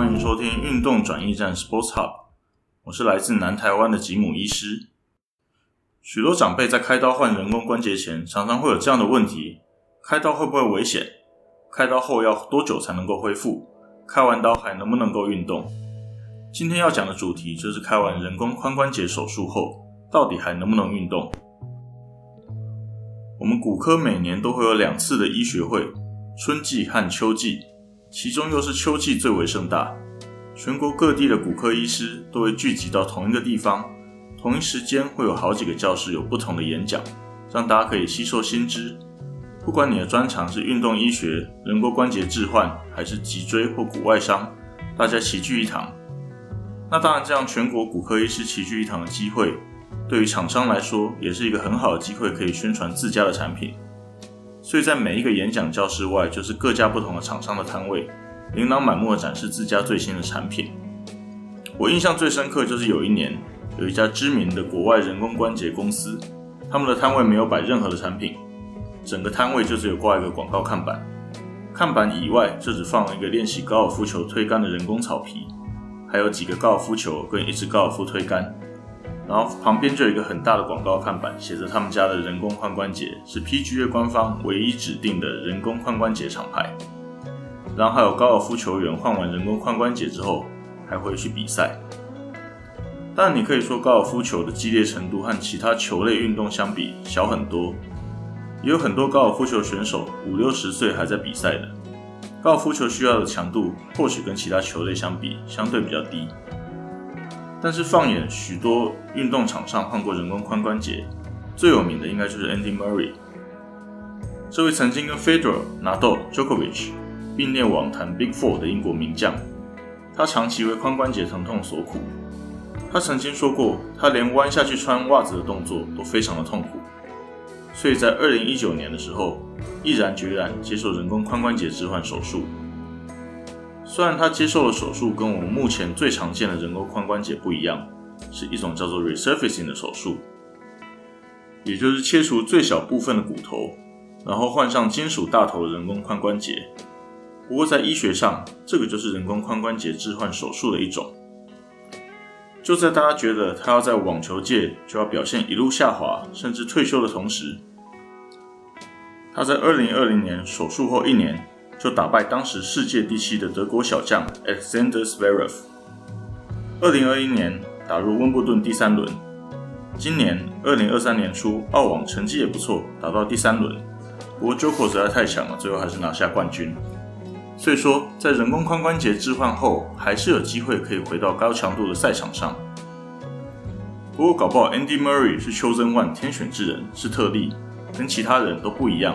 歡迎收聽運動轉譯站 Sports Hub，我是來自南台灣的吉姆醫師。許多長輩在開刀換人工關節前，常常會有這樣的問題：開刀會不會危險？開刀後要多久才能夠恢復？開完刀還能不能夠運動？今天要講的主題就是開完人工髖關節手術後，到底還能不能運動？我們骨科每年都會有兩次的醫學會，春季和秋季。其中又是秋季最為盛大，全國各地的骨科醫師都會聚集到同一個地方，同一時間會有好幾個教室有不同的演講，讓大家可以吸收新知。不管你的專長是運動醫學、人工關節置換，還是脊椎或骨外傷，大家齊聚一堂。那當然，這樣全國骨科醫師齊聚一堂的機會，對於廠商來說也是一個很好的機會，可以宣傳自家的產品。所以在每一個演講教室外，就是各家不同的廠商的攤位，琳琅滿目地展示自家最新的產品。我印象最深刻就是有一年，有一家知名的國外人工關節公司，他們的攤位沒有擺任何的產品，整個攤位就只有掛一個廣告看板，看板以外就只放了一個練習高爾夫球推桿的人工草皮，還有幾個高爾夫球跟一支高爾夫推桿。然後旁邊就有一個很大的廣告看板，寫着他們家的人工髖關節是 PGA 官方唯一指定的人工髖關節廠牌。然後還有高爾夫球員換完人工髖關節之後還會去比賽。但你可以說高爾夫球的激烈程度和其他球類運動相比小很多，也有很多高爾夫球選手五六十歲還在比賽的。高爾夫球需要的強度或許跟其他球類相比相對比較低。但是放眼許多運動場上換過人工髖關節，最有名的應該就是 Andy Murray。這位曾經跟 Federer、納豆、Djokovic 並列網壇 Big Four 的英國名將，他長期為髖關節疼痛所苦。他曾經說過，他連彎下去穿襪子的動作都非常的痛苦，所以在2019年的時候，毅然決然接受人工髖關節置換手術。雖然他接受的手術，跟我們目前最常見的人工髖關節不一樣，是一種叫做 resurfacing 的手術，也就是切除最小部分的骨頭，然後換上金屬大頭的人工髖關節。不過在醫學上，這個就是人工髖關節置換手術的一種。就在大家覺得他要在網球界就要表現一路下滑，甚至退休的同時，他在二零二零年手術後一年。就打敗當時世界第七的德國小將 Alexander Zverev 二零二一年打入溫布頓第三輪，今年二零二三年初澳網成績也不錯，打到第三輪，不過 Djokovic 實在太強了，最後還是拿下冠軍。所以說，在人工髖關節置換後，還是有機會可以回到高強度的賽場上。不過搞不好 Andy Murray 是 chosen one 天選之人，是特例，跟其他人都不一樣。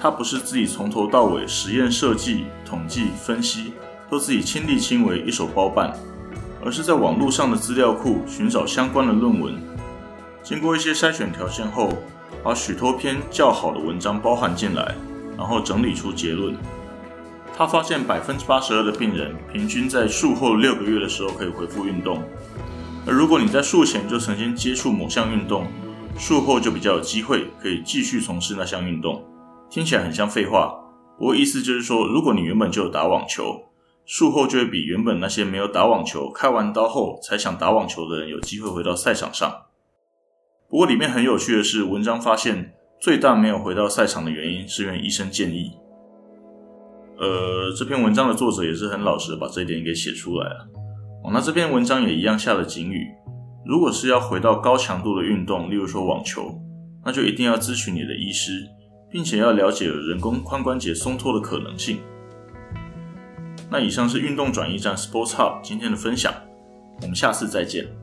他不是自己從頭到尾實驗設計、統計分析都自己親力親為一手包辦，而是在網絡上的資料庫尋找相關的論文，經過一些篩選條件後，把許多篇較好的文章包含進來，然後整理出結論。他發現百分之八十二的病人平均在術後六個月的時候可以恢復運動，而如果你在術前就曾經接觸某項運動，術後就比較有機會可以繼續從事那項運動。聽起來很像廢話，不過意思就是說，如果你原本就有打網球，術後就會比原本那些沒有打網球、開完刀後才想打網球的人有機會回到賽場上。不過裡面很有趣的是，文章發現最大沒有回到賽場的原因是因為醫生建議。呃，這篇文章的作者也是很老實的把這一點給寫出來了。哦，那這篇文章也一樣下了警語：如果是要回到高強度的運動，例如說網球，那就一定要諮詢你的醫師。並且要了解人工髖關節鬆脫的可能性。那以上是運動轉譯站 Sports Hub 今天的分享，我們下次再見。